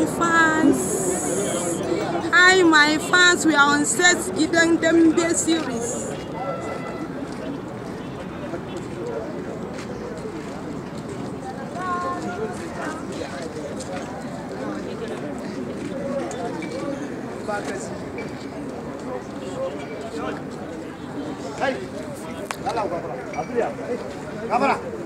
my fans. Hi, my fans. We are on set giving them best series. Hey, on!